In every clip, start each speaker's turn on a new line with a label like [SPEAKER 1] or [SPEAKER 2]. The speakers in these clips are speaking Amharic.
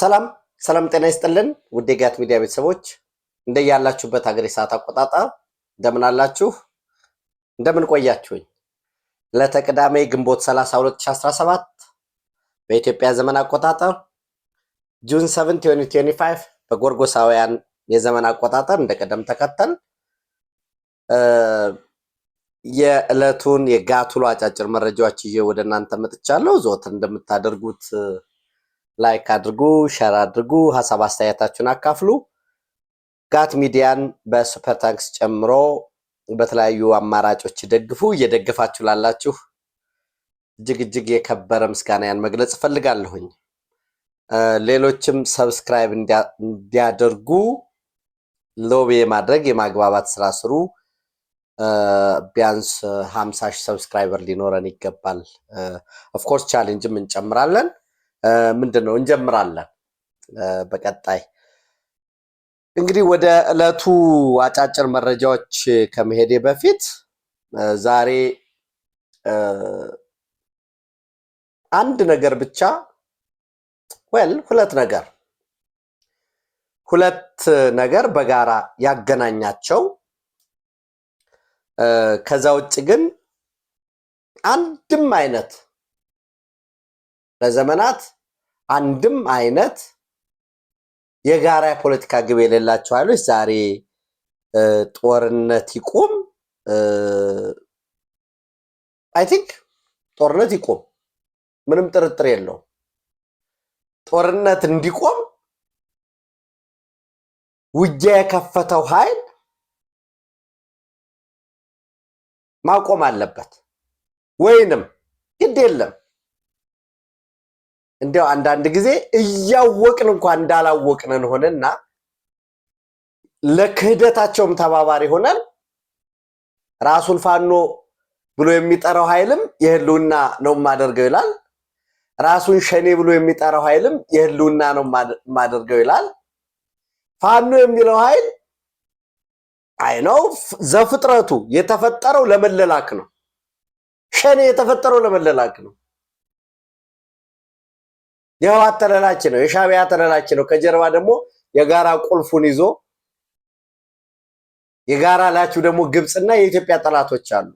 [SPEAKER 1] ሰላም ሰላም፣ ጤና ይስጥልን ውድ የጋት ሚዲያ ቤተሰቦች እንደያላችሁበት ሀገር የሰዓት አቆጣጠር እንደምን አላችሁ? እንደምን ቆያችሁኝ? ለተቅዳሜ ግንቦት 30 2017 በኢትዮጵያ ዘመን አቆጣጠር ጁን 7 2025 በጎርጎሳውያን የዘመን አቆጣጠር እንደ ቀደም ተከተል የዕለቱን የጋት ውሎ አጫጭር መረጃዎች ይዤ ወደ እናንተ መጥቻለሁ። ዞት እንደምታደርጉት ላይክ አድርጉ፣ ሸር አድርጉ፣ ሀሳብ አስተያየታችሁን አካፍሉ። ጋት ሚዲያን በሱፐር ታንክስ ጨምሮ በተለያዩ አማራጮች ደግፉ። እየደገፋችሁ ላላችሁ እጅግ እጅግ የከበረ ምስጋና ያን መግለጽ እፈልጋለሁኝ። ሌሎችም ሰብስክራይብ እንዲያደርጉ ሎቢ የማድረግ የማግባባት ስራ ስሩ። ቢያንስ ሀምሳ ሺህ ሰብስክራይበር ሊኖረን ይገባል። ኦፍኮርስ ቻሌንጅም እንጨምራለን። ምንድን ነው እንጀምራለን። በቀጣይ እንግዲህ ወደ ዕለቱ አጫጭር መረጃዎች ከመሄዴ በፊት ዛሬ አንድ ነገር ብቻ ወል ሁለት ነገር ሁለት ነገር በጋራ ያገናኛቸው ከዛ ውጭ ግን አንድም አይነት ለዘመናት አንድም አይነት የጋራ የፖለቲካ ግብ የሌላቸው ኃይሎች ዛሬ ጦርነት ይቁም፣ አይ ቲንክ ጦርነት ይቁም፣ ምንም ጥርጥር የለውም። ጦርነት እንዲቆም ውጊያ የከፈተው ኃይል ማቆም አለበት ወይንም ግድ የለም እንዲያው አንዳንድ ጊዜ እያወቅን እንኳን እንዳላወቅንን ሆነና ለክህደታቸውም ተባባሪ ሆነን ራሱን ፋኖ ብሎ የሚጠራው ኃይልም የህልውና ነው የማደርገው ይላል። ራሱን ሸኔ ብሎ የሚጠራው ኃይልም የህልውና ነው የማደርገው ይላል። ፋኖ የሚለው ኃይል አይ ነው ዘፍጥረቱ የተፈጠረው ለመለላክ ነው። ሸኔ የተፈጠረው ለመለላክ ነው። የህዋት ተለላች ነው፣ የሻቢያ ተለላች ነው። ከጀርባ ደግሞ የጋራ ቁልፉን ይዞ የጋራ ላችሁ ደግሞ ግብፅና የኢትዮጵያ ጠላቶች አሉ።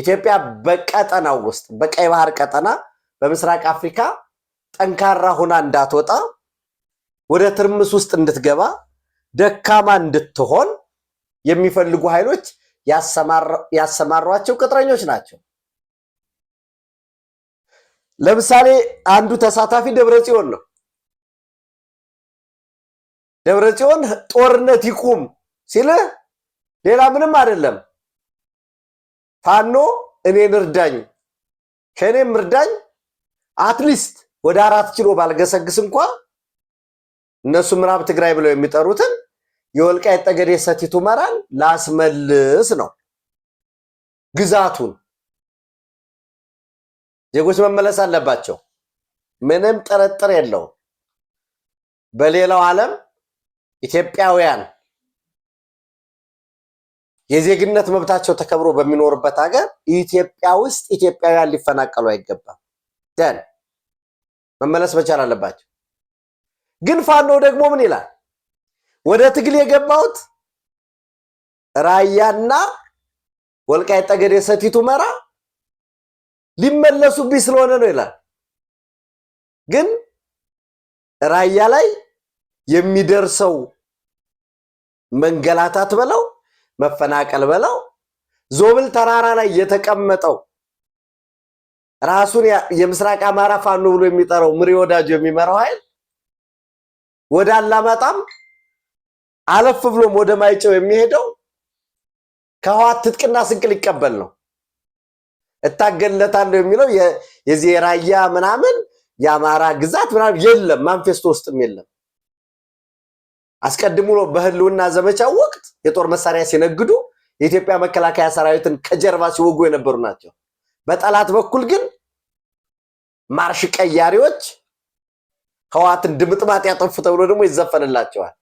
[SPEAKER 1] ኢትዮጵያ በቀጠናው ውስጥ በቀይ ባህር ቀጠና በምስራቅ አፍሪካ ጠንካራ ሆና እንዳትወጣ ወደ ትርምስ ውስጥ እንድትገባ ደካማ እንድትሆን የሚፈልጉ ኃይሎች ያሰማሯቸው ቅጥረኞች ናቸው። ለምሳሌ አንዱ ተሳታፊ ደብረ ጽዮን ነው። ደብረ ጽዮን ጦርነት ይቁም ሲል ሌላ ምንም አይደለም። ፋኖ እኔን እርዳኝ፣ ከእኔም እርዳኝ፣ አትሊስት ወደ አራት ኪሎ ባልገሰግስ እንኳ እነሱ ምዕራብ ትግራይ ብለው የሚጠሩትን የወልቃይት ጠገዴ ሰቲት ሁመራን ላስመልስ ነው ግዛቱን ዜጎች መመለስ አለባቸው። ምንም ጥርጥር የለውም። በሌላው ዓለም ኢትዮጵያውያን የዜግነት መብታቸው ተከብሮ በሚኖርበት ሀገር ኢትዮጵያ ውስጥ ኢትዮጵያውያን ሊፈናቀሉ አይገባም። ደን መመለስ መቻል አለባቸው። ግን ፋኖ ደግሞ ምን ይላል? ወደ ትግል የገባሁት ራያና ወልቃይ ጠገዴ፣ ሰቲት ሁመራ ሊመለሱብኝ ስለሆነ ነው ይላል። ግን ራያ ላይ የሚደርሰው መንገላታት በለው መፈናቀል በለው ዞብል ተራራ ላይ የተቀመጠው ራሱን የምስራቅ አማራ ፋኖ ብሎ የሚጠራው ምሪ ወዳጆ የሚመራው ኃይል ወደ አላማጣም አለፍ ብሎም ወደ ማይጨው የሚሄደው ከህወሓት ትጥቅና ስንቅ ሊቀበል ነው። እታገለታለሁ የሚለው የዚህ የራያ ምናምን የአማራ ግዛት ምናምን የለም፣ ማንፌስቶ ውስጥም የለም። አስቀድሞ በህልውና ዘመቻው ወቅት የጦር መሳሪያ ሲነግዱ የኢትዮጵያ መከላከያ ሰራዊትን ከጀርባ ሲወጉ የነበሩ ናቸው። በጠላት በኩል ግን ማርሽ ቀያሪዎች ህዋትን ድምጥማጥ ያጠፉ ተብሎ ደግሞ ይዘፈንላቸዋል።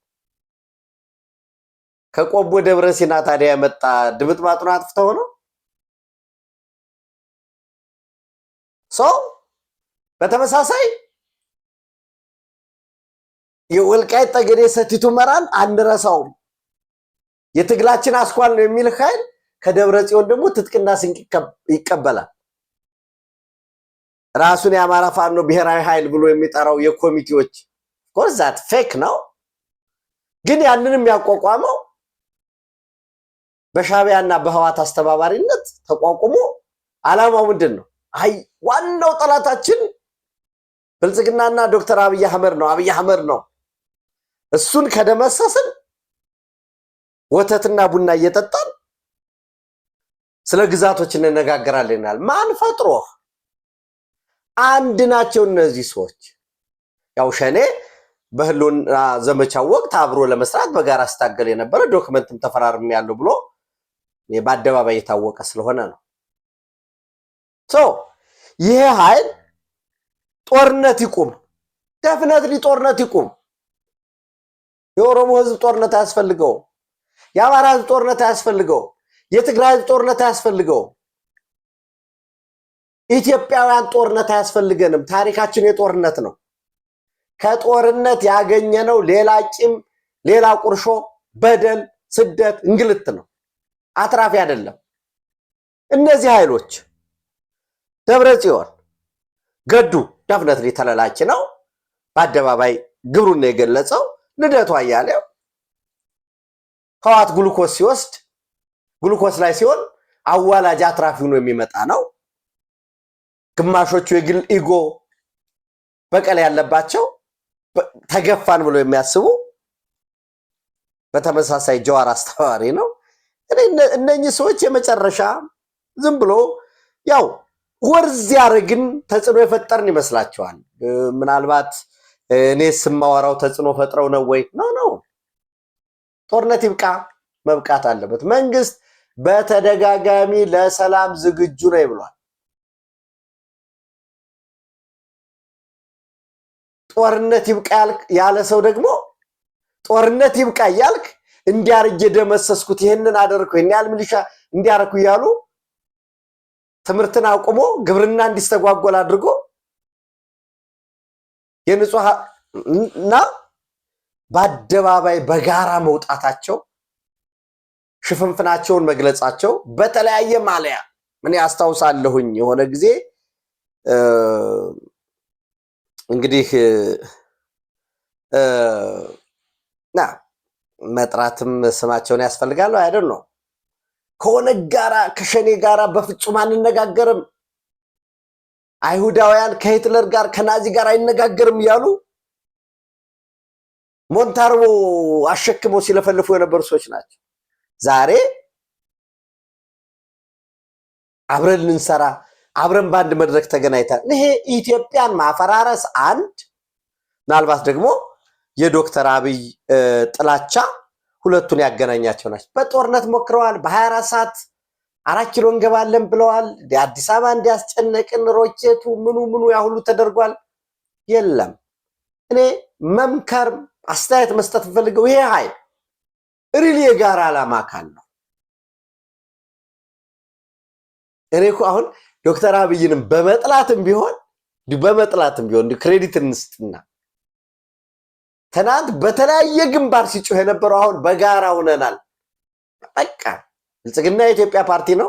[SPEAKER 1] ከቆቦ ደብረ ሲና ታዲያ የመጣ ድምጥማጡን አጥፍተው ነው ሰው በተመሳሳይ የወልቃይት ጠገዴ ሰቲት ሁመራን አንረሳውም፣ የትግላችን አስኳል ነው የሚል ኃይል ከደብረ ጽዮን ደግሞ ትጥቅና ስንቅ ይቀበላል። ራሱን የአማራ ፋኖ ብሔራዊ ኃይል ብሎ የሚጠራው የኮሚቴዎች ኮርዛት ፌክ ነው። ግን ያንንም ያቋቋመው በሻቢያና በህዋት አስተባባሪነት ተቋቁሞ አላማው ምንድን ነው? አይ ዋናው ጠላታችን ብልጽግናና ዶክተር አብይ አህመድ ነው፣ አብይ አህመድ ነው። እሱን ከደመሰስን ወተትና ቡና እየጠጣን ስለ ግዛቶች እንነጋገራለናል። ማን ፈጥሮ አንድ ናቸው እነዚህ ሰዎች። ያው ሸኔ በህልውና ዘመቻው ወቅት አብሮ ለመስራት በጋራ ስታገል የነበረ ዶክመንትም ተፈራርም ያለው ብሎ በአደባባይ የታወቀ ስለሆነ ነው። ሰው ይሄ ኃይል ጦርነት ይቁም፣ ደፍነትሊ ጦርነት ይቁም። የኦሮሞ ህዝብ ጦርነት አያስፈልገው፣ የአማራ ህዝብ ጦርነት አያስፈልገው፣ የትግራይ ህዝብ ጦርነት አያስፈልገው፣ ኢትዮጵያውያን ጦርነት አያስፈልገንም። ታሪካችን የጦርነት ነው። ከጦርነት ያገኘነው ሌላ ቂም፣ ሌላ ቁርሾ፣ በደል፣ ስደት፣ እንግልት ነው። አትራፊ አይደለም። እነዚህ ኃይሎች ደብረ ጽዮን ገዱ ደፍነት ተለላኪ ነው። በአደባባይ ግብሩን ነው የገለጸው። ልደቱ አያሌው ህዋት ግሉኮስ ሲወስድ ግሉኮስ ላይ ሲሆን አዋላጅ አትራፊ ሆኖ የሚመጣ ነው። ግማሾቹ የግል ኢጎ በቀል ያለባቸው ተገፋን ብሎ የሚያስቡ በተመሳሳይ ጀዋር አስተዋሪ ነው። እነኚህ ሰዎች የመጨረሻ ዝም ብሎ ያው ወርዝ ያደረግን ተጽዕኖ የፈጠርን ይመስላቸዋል። ምናልባት እኔ ስማወራው ተጽዕኖ ፈጥረው ነው ወይ? ኖ ኖ። ጦርነት ይብቃ፣ መብቃት አለበት። መንግስት በተደጋጋሚ ለሰላም ዝግጁ ነው ብሏል። ጦርነት ይብቃ ያለ ሰው ደግሞ ጦርነት ይብቃ እያልክ እንዲያርጅ የደመሰስኩት ይህንን አደረግኩ ይህን ያህል ሚሊሻ እንዲያረኩ እያሉ ትምህርትን አቁሞ ግብርና እንዲስተጓጎል አድርጎ የንጹህ እና በአደባባይ በጋራ መውጣታቸው ሽፍንፍናቸውን መግለጻቸው በተለያየ ማለያ ምን ያስታውሳለሁኝ የሆነ ጊዜ እንግዲህ ና መጥራትም ስማቸውን ያስፈልጋል አይደል ነው ከሆነ ጋራ ከሸኔ ጋራ በፍጹም አንነጋገርም፣ አይሁዳውያን ከሂትለር ጋር ከናዚ ጋር አይነጋገርም እያሉ ሞንታርቦ አሸክመው ሲለፈልፉ የነበሩ ሰዎች ናቸው። ዛሬ አብረን ልንሰራ አብረን በአንድ መድረክ ተገናኝታል። ይሄ ኢትዮጵያን ማፈራረስ አንድ፣ ምናልባት ደግሞ የዶክተር አብይ ጥላቻ ሁለቱን ያገናኛቸው ናቸው። በጦርነት ሞክረዋል። በ24 ሰዓት አራት ኪሎ እንገባለን ብለዋል። አዲስ አበባ እንዲያስጨነቅን ሮኬቱ ምኑ ምኑ ያሁሉ ተደርጓል። የለም እኔ መምከር አስተያየት መስጠት ፈልገው ይሄ ሀይል ሪል የጋራ ዓላማ ነው። እኔ እኮ አሁን ዶክተር አብይንም በመጥላትም ቢሆን በመጥላትም ቢሆን ክሬዲት እንስጥና ትናንት በተለያየ ግንባር ሲጮህ የነበረው አሁን በጋራ ሆነናል። በቃ ብልጽግና የኢትዮጵያ ፓርቲ ነው፣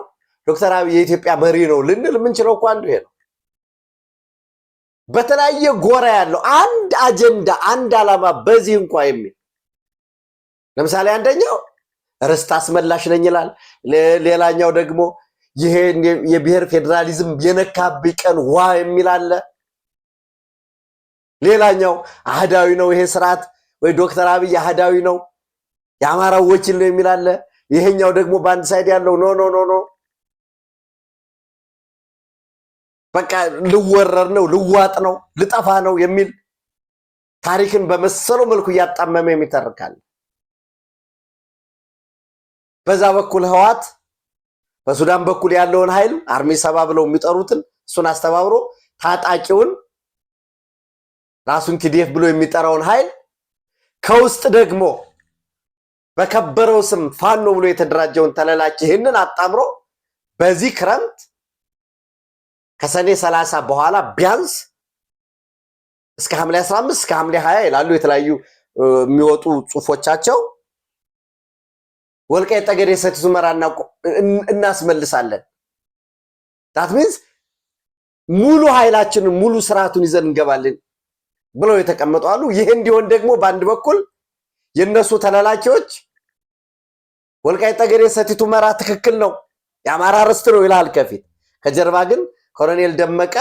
[SPEAKER 1] ዶክተር አብይ የኢትዮጵያ መሪ ነው ልንል የምንችለው እኮ አንዱ ይሄ ነው። በተለያየ ጎራ ያለው አንድ አጀንዳ፣ አንድ ዓላማ በዚህ እንኳ የሚል ለምሳሌ አንደኛው ርስት አስመላሽ ነኝ ይላል። ሌላኛው ደግሞ ይሄ የብሔር ፌዴራሊዝም የነካብኝ ቀን ዋ የሚል አለ። ሌላኛው አህዳዊ ነው ይሄ ስርዓት ወይ ዶክተር አብይ አህዳዊ ነው የአማራ ወኪል ነው የሚል አለ። ይሄኛው ደግሞ በአንድ ሳይድ ያለው ኖ ኖ ኖ ኖ በቃ ልወረር ነው ልዋጥ ነው ልጠፋ ነው የሚል ታሪክን በመሰሉ መልኩ እያጣመመ የሚተርካል። በዛ በኩል ህዋት በሱዳን በኩል ያለውን ኃይል አርሚ ሰባ ብለው የሚጠሩትን እሱን አስተባብሮ ታጣቂውን ራሱን ቲዲኤፍ ብሎ የሚጠራውን ኃይል ከውስጥ ደግሞ በከበረው ስም ፋኖ ብሎ የተደራጀውን ተለላች ይህንን አጣምሮ በዚህ ክረምት ከሰኔ 30 በኋላ ቢያንስ እስከ ሐምሌ 15 እስከ ሐምሌ 20 ይላሉ የተለያዩ የሚወጡ ጽሁፎቻቸው ወልቃይት ጠገዴ፣ ሰቲት ሁመራ እናስመልሳለን። ዳት ሚንስ ሙሉ ኃይላችንን ሙሉ ስርዓቱን ይዘን እንገባለን ብለው የተቀመጡ አሉ። ይህ እንዲሆን ደግሞ በአንድ በኩል የእነሱ ተላላኪዎች ወልቃይ ጠገዴ፣ ሰቲት ሁመራ ትክክል ነው የአማራ ርስት ነው ይላል ከፊት ከጀርባ ግን ኮሎኔል ደመቀ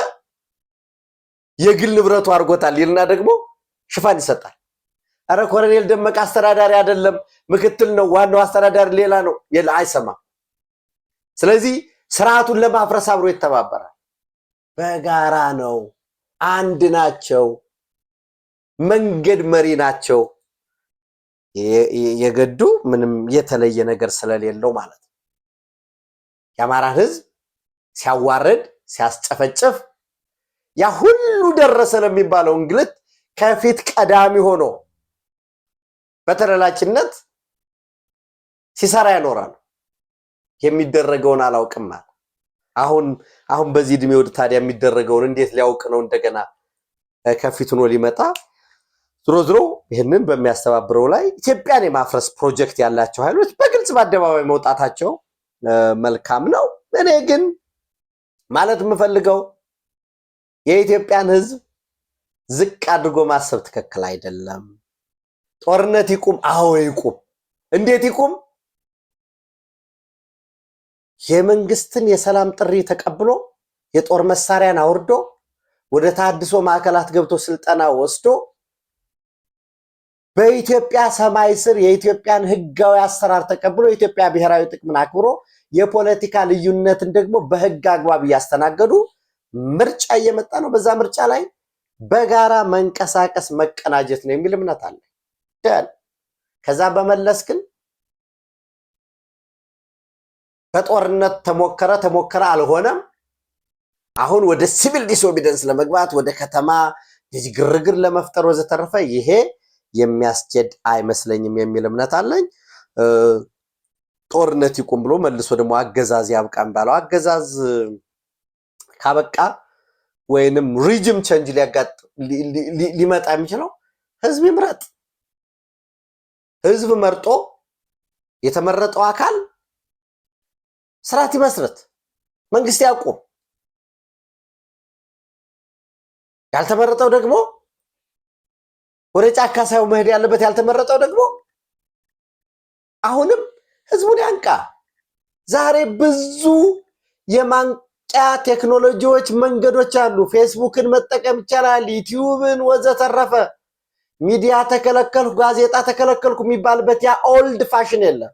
[SPEAKER 1] የግል ንብረቱ አድርጎታል ይልና ደግሞ ሽፋን ይሰጣል። አረ ኮሎኔል ደመቀ አስተዳዳሪ አይደለም፣ ምክትል ነው፣ ዋናው አስተዳዳሪ ሌላ ነው አይሰማም። ስለዚህ ስርዓቱን ለማፍረስ አብሮ ይተባበራል። በጋራ ነው፣ አንድ ናቸው። መንገድ መሪ ናቸው። የገዱ ምንም የተለየ ነገር ስለሌለው ማለት ነው። የአማራን ህዝብ ሲያዋርድ ሲያስጨፈጭፍ ያ ሁሉ ደረሰ ለሚባለው እንግልት ከፊት ቀዳሚ ሆኖ በተደላችነት ሲሰራ ያኖራል። የሚደረገውን አላውቅም አለ። አሁን አሁን በዚህ እድሜ ወደ ታዲያ የሚደረገውን እንዴት ሊያውቅ ነው? እንደገና ከፊት ሆኖ ሊመጣ ዝሮ ዝሮ ይህንን በሚያስተባብረው ላይ ኢትዮጵያን የማፍረስ ፕሮጀክት ያላቸው ኃይሎች በግልጽ በአደባባይ መውጣታቸው መልካም ነው። እኔ ግን ማለት የምፈልገው የኢትዮጵያን ሕዝብ ዝቅ አድርጎ ማሰብ ትክክል አይደለም። ጦርነት ይቁም። አዎ ይቁም። እንዴት ይቁም? የመንግስትን የሰላም ጥሪ ተቀብሎ የጦር መሳሪያን አውርዶ ወደ ታድሶ ማዕከላት ገብቶ ስልጠና ወስዶ በኢትዮጵያ ሰማይ ስር የኢትዮጵያን ህጋዊ አሰራር ተቀብሎ የኢትዮጵያ ብሔራዊ ጥቅምን አክብሮ የፖለቲካ ልዩነትን ደግሞ በህግ አግባብ እያስተናገዱ ምርጫ እየመጣ ነው። በዛ ምርጫ ላይ በጋራ መንቀሳቀስ መቀናጀት ነው የሚል እምነት አለ። ከዛ በመለስ ግን በጦርነት ተሞከረ ተሞከረ አልሆነም። አሁን ወደ ሲቪል ዲስኦቢደንስ ለመግባት ወደ ከተማ ግርግር ለመፍጠር ወዘተረፈ ይሄ የሚያስኬድ አይመስለኝም የሚል እምነት አለኝ። ጦርነት ይቁም ብሎ መልሶ ደግሞ አገዛዝ ያብቃን ባለው አገዛዝ ካበቃ ወይንም ሪጅም ቸንጅ ሊመጣ የሚችለው ህዝብ ይምረጥ። ህዝብ መርጦ የተመረጠው አካል ስርዓት ይመስረት፣ መንግስት ያቁም። ያልተመረጠው ደግሞ ወደ ጫካ ሳይሆን መሄድ ያለበት ያልተመረጠው ደግሞ አሁንም ህዝቡን ያንቃ። ዛሬ ብዙ የማንቂያ ቴክኖሎጂዎች መንገዶች አሉ። ፌስቡክን መጠቀም ይቻላል፣ ዩቲዩብን ወዘተረፈ። ሚዲያ ተከለከልኩ፣ ጋዜጣ ተከለከልኩ የሚባልበት ያ ኦልድ ፋሽን የለም።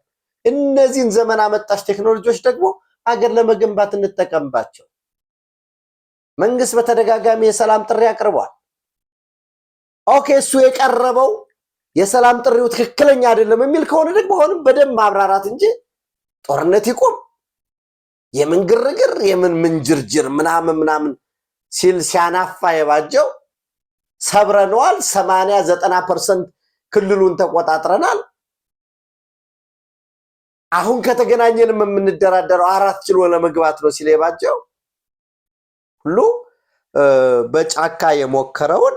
[SPEAKER 1] እነዚህን ዘመን አመጣሽ ቴክኖሎጂዎች ደግሞ ሀገር ለመገንባት እንጠቀምባቸው። መንግስት በተደጋጋሚ የሰላም ጥሪ አቅርቧል። ኦኬ እሱ የቀረበው የሰላም ጥሪው ትክክለኛ አይደለም የሚል ከሆነ ደግሞ አሁንም በደንብ ማብራራት እንጂ ጦርነት ይቁም የምን ግርግር የምን ምንጅርጅር ምናምን ምናምን ሲል ሲያናፋ የባጀው ሰብረነዋል፣ ሰማንያ ዘጠና ፐርሰንት ክልሉን ተቆጣጥረናል። አሁን ከተገናኘንም የምንደራደረው አራት ኪሎ ለመግባት ነው ሲል የባጀው ሁሉ በጫካ የሞከረውን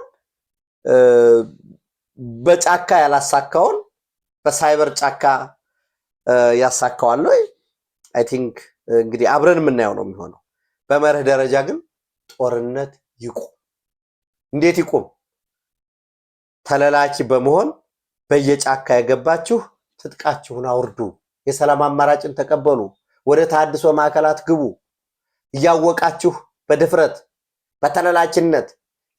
[SPEAKER 1] በጫካ ያላሳካውን በሳይበር ጫካ ያሳካዋል ወይ? አይ ቲንክ እንግዲህ አብረን የምናየው ነው የሚሆነው። በመርህ ደረጃ ግን ጦርነት ይቁም። እንዴት ይቁም? ተለላኪ በመሆን በየጫካ የገባችሁ ትጥቃችሁን አውርዱ፣ የሰላም አማራጭን ተቀበሉ፣ ወደ ተሃድሶ ማዕከላት ግቡ። እያወቃችሁ በድፍረት በተለላኪነት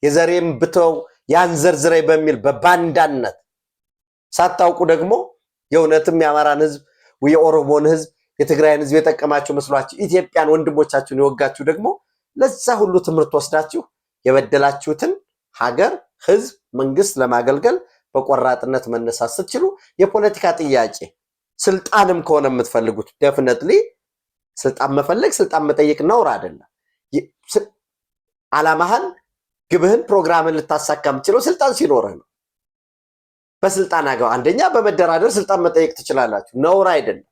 [SPEAKER 1] የዘሬም ብተው ያንዘርዝረኝ በሚል በባንዳነት ሳታውቁ ደግሞ የእውነትም የአማራን ህዝብ፣ የኦሮሞን ህዝብ፣ የትግራይን ህዝብ የጠቀማችሁ መስሏችሁ ኢትዮጵያን ወንድሞቻችሁን የወጋችሁ ደግሞ ለዛ ሁሉ ትምህርት ወስዳችሁ የበደላችሁትን ሀገር፣ ህዝብ፣ መንግስት ለማገልገል በቆራጥነት መነሳት ስትችሉ የፖለቲካ ጥያቄ ስልጣንም ከሆነ የምትፈልጉት ደፍነትሊ ስልጣን መፈለግ ስልጣን መጠየቅ ነውር አይደለም። አላማህን ግብህን ፕሮግራምን ልታሳካ የምችለው ስልጣን ሲኖርህ ነው። በስልጣን አገባ አንደኛ በመደራደር ስልጣን መጠየቅ ትችላላችሁ፣ ነውር አይደለም።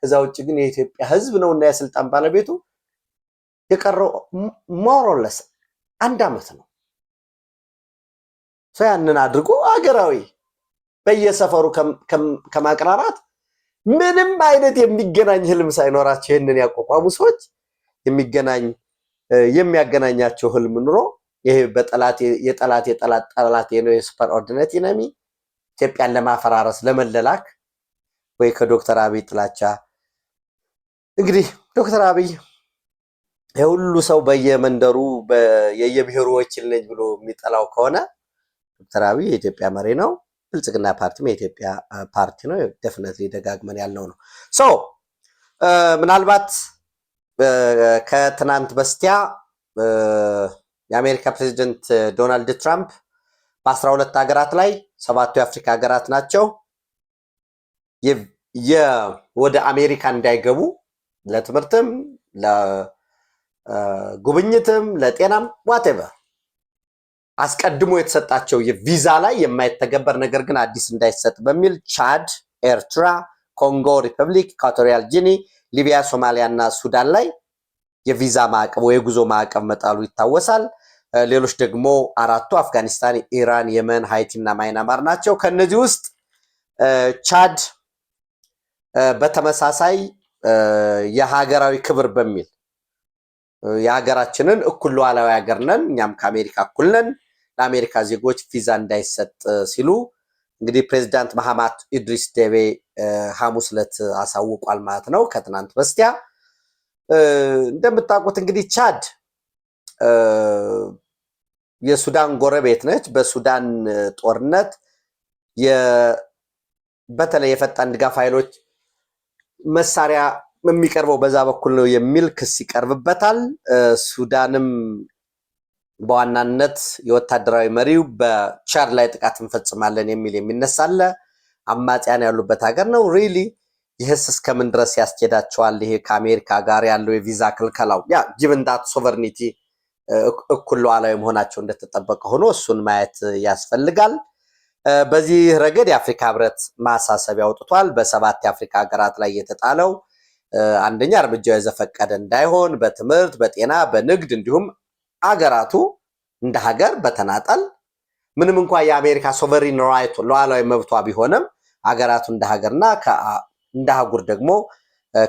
[SPEAKER 1] ከዛ ውጭ ግን የኢትዮጵያ ሕዝብ እና የስልጣን ባለቤቱ የቀረው ሞሮለስ አንድ ዓመት ነው። ያንን አድርጎ አገራዊ በየሰፈሩ ከማቅራራት ምንም አይነት የሚገናኝ ህልም ሳይኖራቸው ይህንን ያቋቋሙ ሰዎች የሚገናኝ የሚያገናኛቸው ህልም ኑሮ ይህ በጠላት የጠላት የጠላት ጠላት ነው። የሱፐር ኦርዲነት ኢነሚ ኢትዮጵያን ለማፈራረስ ለመለላክ ወይ ከዶክተር አብይ ጥላቻ እንግዲህ ዶክተር አብይ የሁሉ ሰው በየመንደሩ የየብሔሩ ወኪል ብሎ የሚጠላው ከሆነ ዶክተር አብይ የኢትዮጵያ መሪ ነው። ብልጽግና ፓርቲም የኢትዮጵያ ፓርቲ ነው። ደፍነት ደጋግመን ያለው ነው። ሶ ምናልባት ከትናንት በስቲያ የአሜሪካ ፕሬዚደንት ዶናልድ ትራምፕ በአስራ ሁለት ሀገራት ላይ ሰባቱ የአፍሪካ ሀገራት ናቸው ወደ አሜሪካ እንዳይገቡ ለትምህርትም፣ ለጉብኝትም፣ ለጤናም ዋቴቨር አስቀድሞ የተሰጣቸው የቪዛ ላይ የማይተገበር ነገር ግን አዲስ እንዳይሰጥ በሚል ቻድ፣ ኤርትራ፣ ኮንጎ ሪፐብሊክ፣ ኢኳቶሪያል ጊኒ፣ ሊቢያ፣ ሶማሊያ እና ሱዳን ላይ የቪዛ ማዕቀብ ወይ የጉዞ ማዕቀብ መጣሉ ይታወሳል። ሌሎች ደግሞ አራቱ አፍጋኒስታን፣ ኢራን፣ የመን፣ ሃይቲ እና ማይናማር ናቸው። ከነዚህ ውስጥ ቻድ በተመሳሳይ የሀገራዊ ክብር በሚል የሀገራችንን እኩል ሉዓላዊ ሀገር ነን፣ እኛም ከአሜሪካ እኩል ነን፣ ለአሜሪካ ዜጎች ቪዛ እንዳይሰጥ ሲሉ እንግዲህ ፕሬዚዳንት መሐማት ኢድሪስ ደቤ ሐሙስ ዕለት አሳውቋል ማለት ነው ከትናንት በስቲያ እንደምታውቁት እንግዲህ ቻድ የሱዳን ጎረቤት ነች። በሱዳን ጦርነት በተለይ የፈጣን ድጋፍ ኃይሎች መሳሪያ የሚቀርበው በዛ በኩል ነው የሚል ክስ ይቀርብበታል። ሱዳንም በዋናነት የወታደራዊ መሪው በቻድ ላይ ጥቃት እንፈጽማለን የሚል የሚነሳለ አማጽያን ያሉበት ሀገር ነው ሪሊ ይህስ እስከምን ድረስ ያስኬዳቸዋል? ይሄ ከአሜሪካ ጋር ያለው የቪዛ ክልከላው ያ ዳት ሶቨርኒቲ እኩል ሉዓላዊ መሆናቸው እንደተጠበቀ ሆኖ እሱን ማየት ያስፈልጋል። በዚህ ረገድ የአፍሪካ ህብረት ማሳሰቢያ አውጥቷል። በሰባት የአፍሪካ ሀገራት ላይ የተጣለው አንደኛ እርምጃው የዘፈቀደ እንዳይሆን በትምህርት፣ በጤና፣ በንግድ እንዲሁም አገራቱ እንደ ሀገር በተናጠል ምንም እንኳ የአሜሪካ ሶቨሪን ራይቱ ሉዓላዊ መብቷ ቢሆንም አገራቱ እንደ ሀገርና እንደ አህጉር ደግሞ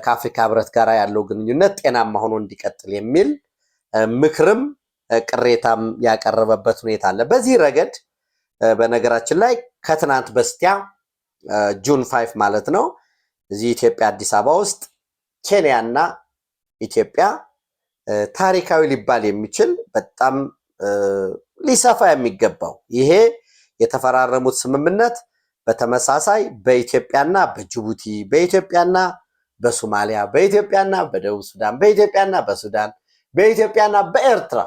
[SPEAKER 1] ከአፍሪካ ህብረት ጋር ያለው ግንኙነት ጤናማ ሆኖ እንዲቀጥል የሚል ምክርም ቅሬታም ያቀረበበት ሁኔታ አለ። በዚህ ረገድ በነገራችን ላይ ከትናንት በስቲያ ጁን ፋይፍ ማለት ነው እዚህ ኢትዮጵያ አዲስ አበባ ውስጥ ኬንያ እና ኢትዮጵያ ታሪካዊ ሊባል የሚችል በጣም ሊሰፋ የሚገባው ይሄ የተፈራረሙት ስምምነት በተመሳሳይ በኢትዮጵያና በጅቡቲ፣ በኢትዮጵያና በሶማሊያ፣ በኢትዮጵያና በደቡብ ሱዳን፣ በኢትዮጵያና በሱዳን፣ በኢትዮጵያና በኤርትራ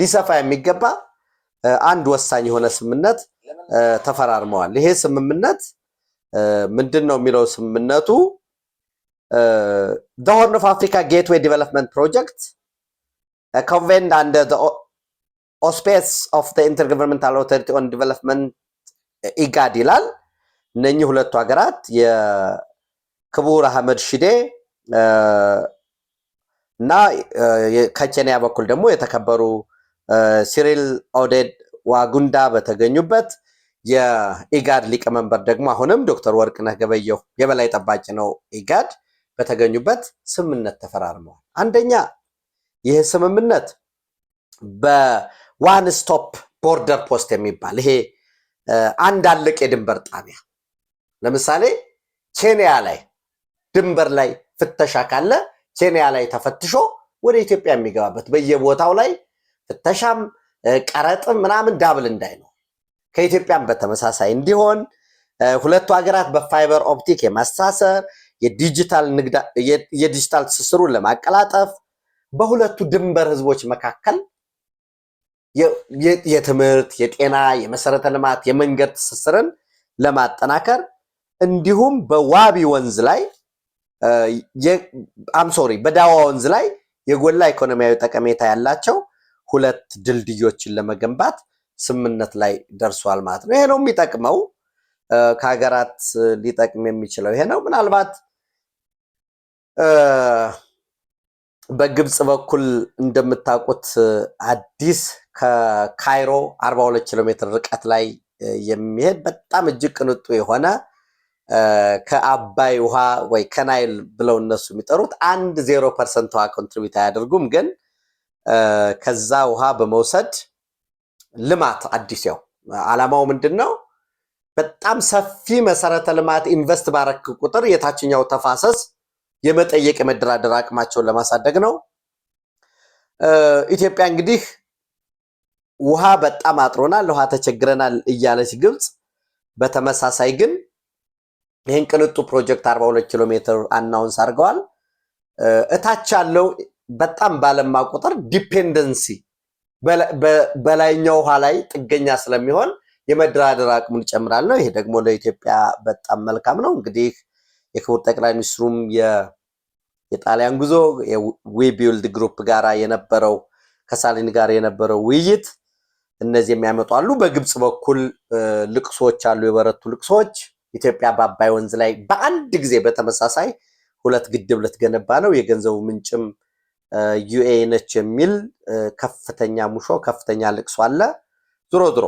[SPEAKER 1] ሊሰፋ የሚገባ አንድ ወሳኝ የሆነ ስምምነት ተፈራርመዋል። ይሄ ስምምነት ምንድን ነው የሚለው ስምምነቱ ዘ ሆርን ኦፍ አፍሪካ ጌትዌይ ዲቨሎፕመንት ፕሮጀክት ኮንቬንድ አንደር ኦስፔስ ኦፍ ኢንተርገቨርንመንታል ኦቶሪቲ ኦን ዲቨሎፕመንት ኢጋድ ይላል። እነኚህ ሁለቱ ሀገራት የክቡር አህመድ ሺዴ እና ከኬንያ በኩል ደግሞ የተከበሩ ሲሪል ኦዴድ ዋጉንዳ በተገኙበት የኢጋድ ሊቀመንበር ደግሞ አሁንም ዶክተር ወርቅነህ ገበየሁ የበላይ ጠባቂ ነው ኢጋድ በተገኙበት ስምምነት ተፈራርመዋል። አንደኛ ይህ ስምምነት በዋን ስቶፕ ቦርደር ፖስት የሚባል ይሄ አንድ አለቅ የድንበር ጣቢያ ለምሳሌ ኬንያ ላይ ድንበር ላይ ፍተሻ ካለ ኬንያ ላይ ተፈትሾ ወደ ኢትዮጵያ የሚገባበት በየቦታው ላይ ፍተሻም ቀረጥም ምናምን ዳብል ነው። ከኢትዮጵያም በተመሳሳይ እንዲሆን ሁለቱ ሀገራት በፋይበር ኦፕቲክ የማሳሰር የዲጂታል ትስስሩን ለማቀላጠፍ በሁለቱ ድንበር ህዝቦች መካከል የትምህርት፣ የጤና፣ የመሰረተ ልማት፣ የመንገድ ትስስርን ለማጠናከር እንዲሁም በዋቢ ወንዝ ላይ አምሶሪ በዳዋ ወንዝ ላይ የጎላ ኢኮኖሚያዊ ጠቀሜታ ያላቸው ሁለት ድልድዮችን ለመገንባት ስምምነት ላይ ደርሷል ማለት ነው። ይሄ ነው የሚጠቅመው ከሀገራት ሊጠቅም የሚችለው ይሄ ነው። ምናልባት በግብፅ በኩል እንደምታውቁት አዲስ ከካይሮ 42 ኪሎ ሜትር ርቀት ላይ የሚሄድ በጣም እጅግ ቅንጡ የሆነ ከአባይ ውሃ ወይ ከናይል ብለው እነሱ የሚጠሩት አንድ ዜሮ ፐርሰንት ውሃ ኮንትሪቢዩት አያደርጉም፣ ግን ከዛ ውሃ በመውሰድ ልማት አዲስ ያው አላማው ምንድን ነው? በጣም ሰፊ መሰረተ ልማት ኢንቨስት ባረክ ቁጥር የታችኛው ተፋሰስ የመጠየቅ የመደራደር አቅማቸውን ለማሳደግ ነው። ኢትዮጵያ እንግዲህ ውሃ በጣም አጥሮናል፣ ውሃ ተቸግረናል እያለች ግብፅ፣ በተመሳሳይ ግን ይህን ቅንጡ ፕሮጀክት 42 ኪሎ ሜትር አናውንስ አድርገዋል። እታች ያለው በጣም ባለማ ቁጥር ዲፔንደንሲ በላይኛው ውሃ ላይ ጥገኛ ስለሚሆን የመደራደር አቅሙን ይጨምራል ነው። ይሄ ደግሞ ለኢትዮጵያ በጣም መልካም ነው እንግዲህ የክቡር ጠቅላይ ሚኒስትሩም የጣሊያን ጉዞ ዊቢልድ ግሩፕ ጋር የነበረው ከሳሊን ጋር የነበረው ውይይት እነዚህ የሚያመጡ አሉ። በግብፅ በኩል ልቅሶች አሉ፣ የበረቱ ልቅሶች። ኢትዮጵያ በአባይ ወንዝ ላይ በአንድ ጊዜ በተመሳሳይ ሁለት ግድብ ልትገነባ ነው፣ የገንዘቡ ምንጭም ዩኤ ነች የሚል ከፍተኛ ሙሾ፣ ከፍተኛ ልቅሶ አለ። ዞሮ ዞሮ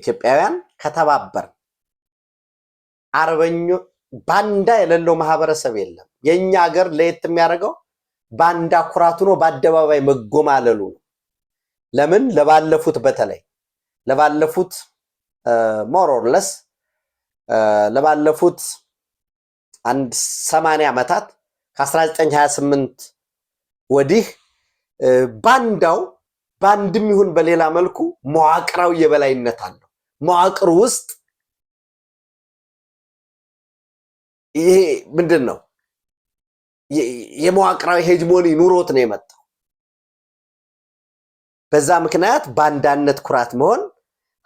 [SPEAKER 1] ኢትዮጵያውያን ከተባበር ባንዳ የሌለው ማህበረሰብ የለም። የእኛ ሀገር ለየት የሚያደርገው ባንዳ ኩራቱ ነው፣ በአደባባይ መጎማለሉ ነው። ለምን ለባለፉት በተለይ ለባለፉት ሞሮርለስ ለባለፉት አንድ ሰማንያ ዓመታት ከ1928 ወዲህ ባንዳው በአንድም ይሁን በሌላ መልኩ መዋቅራዊ የበላይነት አለው። መዋቅር ውስጥ ይሄ ምንድን ነው የመዋቅራዊ ሄጅሞኒ ኑሮት ነው የመጣው። በዛ ምክንያት በአንዳነት ኩራት መሆን፣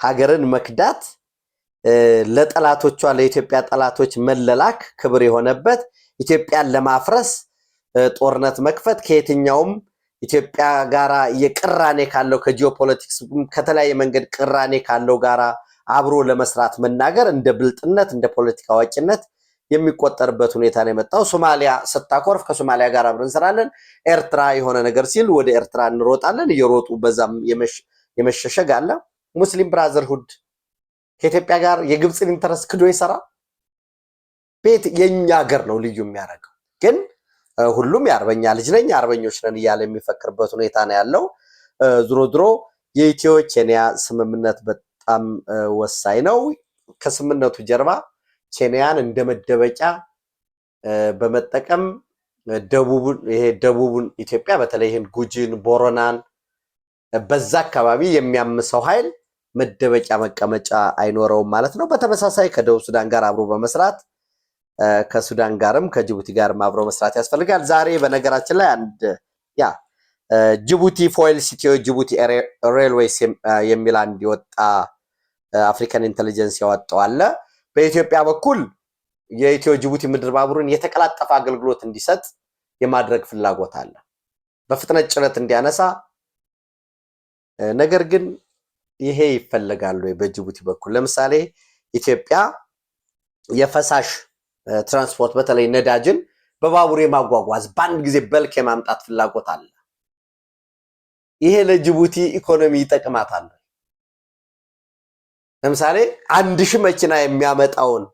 [SPEAKER 1] ሀገርን መክዳት፣ ለጠላቶቿ ለኢትዮጵያ ጠላቶች መለላክ ክብር የሆነበት ኢትዮጵያን ለማፍረስ ጦርነት መክፈት ከየትኛውም ኢትዮጵያ ጋራ የቅራኔ ካለው ከጂኦፖለቲክስ ከተለያየ መንገድ ቅራኔ ካለው ጋራ አብሮ ለመስራት መናገር እንደ ብልጥነት እንደ ፖለቲካ አዋቂነት የሚቆጠርበት ሁኔታ ነው የመጣው። ሶማሊያ ስታኮርፍ ከሶማሊያ ጋር አብረን እንሰራለን፣ ኤርትራ የሆነ ነገር ሲል ወደ ኤርትራ እንሮጣለን። እየሮጡ በዛም የመሸሸግ አለ። ሙስሊም ብራዘርሁድ ከኢትዮጵያ ጋር የግብፅን ኢንተረስ ክዶ ይሰራ ቤት የኛ ሀገር ነው ልዩ የሚያደርገው ግን ሁሉም የአርበኛ ልጅ ነኝ አርበኞች ነን እያለ የሚፈክርበት ሁኔታ ነው ያለው። ዝሮ ዝሮ የኢትዮ ኬንያ ስምምነት በጣም ወሳኝ ነው። ከስምምነቱ ጀርባ ኬንያን እንደ መደበቂያ በመጠቀም ይሄ ደቡቡን ኢትዮጵያ በተለይ ይህን ጉጂን፣ ቦረናን በዛ አካባቢ የሚያምሰው ኃይል መደበቂያ መቀመጫ አይኖረውም ማለት ነው። በተመሳሳይ ከደቡብ ሱዳን ጋር አብሮ በመስራት ከሱዳን ጋርም ከጅቡቲ ጋርም አብሮ መስራት ያስፈልጋል። ዛሬ በነገራችን ላይ አንድ ያ ጅቡቲ ፎይል ሲቲዮ ጅቡቲ ሬልዌይስ የሚል አንድ የወጣ አፍሪካን ኢንቴሊጀንስ ያወጣው አለ። በኢትዮጵያ በኩል የኢትዮ ጅቡቲ ምድር ባቡርን የተቀላጠፈ አገልግሎት እንዲሰጥ የማድረግ ፍላጎት አለ። በፍጥነት ጭነት እንዲያነሳ ነገር ግን ይሄ ይፈለጋሉ። በጅቡቲ በኩል ለምሳሌ ኢትዮጵያ የፈሳሽ ትራንስፖርት በተለይ ነዳጅን በባቡር የማጓጓዝ በአንድ ጊዜ በልክ የማምጣት ፍላጎት አለ። ይሄ ለጅቡቲ ኢኮኖሚ ይጠቅማታል። ለምሳሌ አንድ ሺህ መኪና የሚያመጣውን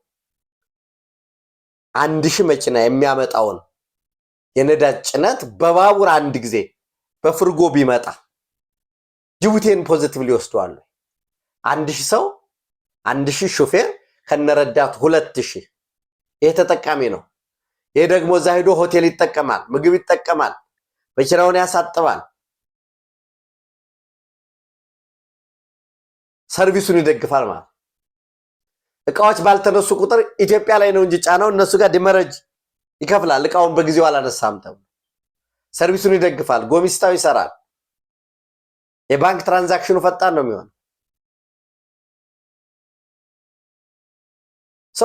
[SPEAKER 1] አንድ ሺህ መኪና የሚያመጣውን የነዳጅ ጭነት በባቡር አንድ ጊዜ በፍርጎ ቢመጣ ጅቡቴን ፖዚቲቭ ይወስደዋሉ። አንድ ሺህ ሰው አንድ ሺህ ሹፌር ከነረዳት ሁለት ሺህ ይሄ ተጠቃሚ ነው። ይሄ ደግሞ እዛ ሄዶ ሆቴል ይጠቀማል፣ ምግብ ይጠቀማል፣ መኪናውን ያሳጥባል። ሰርቪሱን ይደግፋል ማለት እቃዎች ባልተነሱ ቁጥር ኢትዮጵያ ላይ ነው እንጂ ጫናው እነሱ ጋር ዲመረጅ ይከፍላል። እቃውን በጊዜው አላነሳም ተብሎ ሰርቪሱን ይደግፋል። ጎሚስታው ይሰራል። የባንክ ትራንዛክሽኑ ፈጣን ነው የሚሆን ሶ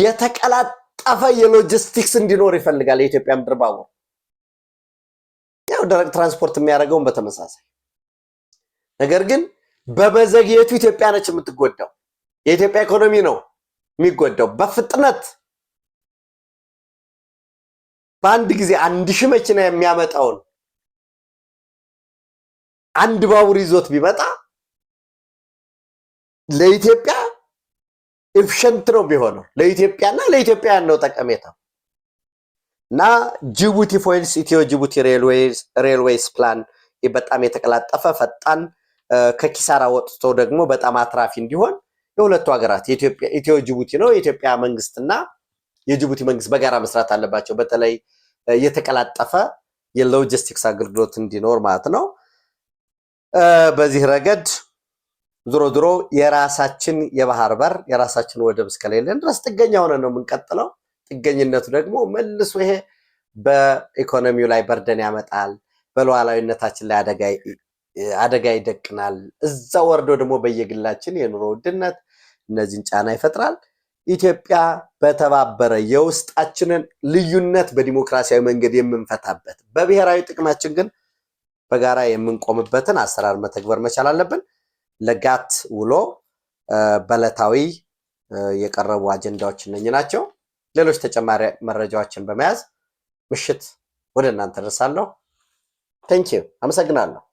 [SPEAKER 1] የተቀላጠፈ የሎጂስቲክስ እንዲኖር ይፈልጋል የኢትዮጵያ ምድር ባቡር። ያው ደረቅ ትራንስፖርት የሚያደርገውን በተመሳሳይ ነገር ግን በመዘግየቱ ኢትዮጵያ ነች የምትጎዳው። የኢትዮጵያ ኢኮኖሚ ነው የሚጎዳው። በፍጥነት በአንድ ጊዜ አንድ ሺህ መኪና የሚያመጣውን አንድ ባቡር ይዞት ቢመጣ ለኢትዮጵያ ኤፊሸንት ነው የሚሆነው ለኢትዮጵያና ለኢትዮጵያውያን ነው ጠቀሜታ እና ጅቡቲ ፎይልስ ኢትዮ ጅቡቲ ሬልዌይስ ፕላን በጣም የተቀላጠፈ ፈጣን ከኪሳራ ወጥቶ ደግሞ በጣም አትራፊ እንዲሆን የሁለቱ ሀገራት ኢትዮ ጅቡቲ ነው የኢትዮጵያ መንግስትና የጅቡቲ መንግስት በጋራ መስራት አለባቸው። በተለይ የተቀላጠፈ የሎጂስቲክስ አገልግሎት እንዲኖር ማለት ነው። በዚህ ረገድ ዞሮ ዞሮ የራሳችን የባህር በር የራሳችን ወደብ እስከሌለን ድረስ ጥገኛ ሆነ ነው የምንቀጥለው። ጥገኝነቱ ደግሞ መልሶ ይሄ በኢኮኖሚው ላይ በርደን ያመጣል፣ በሉዓላዊነታችን ላይ አደጋ አደጋ ይደቅናል። እዛ ወርዶ ደግሞ በየግላችን የኑሮ ውድነት እነዚህን ጫና ይፈጥራል። ኢትዮጵያ በተባበረ የውስጣችንን ልዩነት በዲሞክራሲያዊ መንገድ የምንፈታበት በብሔራዊ ጥቅማችን ግን በጋራ የምንቆምበትን አሰራር መተግበር መቻል አለብን። ለጋት ውሎ በዕለታዊ የቀረቡ አጀንዳዎች እነኝ ናቸው። ሌሎች ተጨማሪ መረጃዎችን በመያዝ ምሽት ወደ እናንተ ደርሳለሁ። ንኪ አመሰግናለሁ።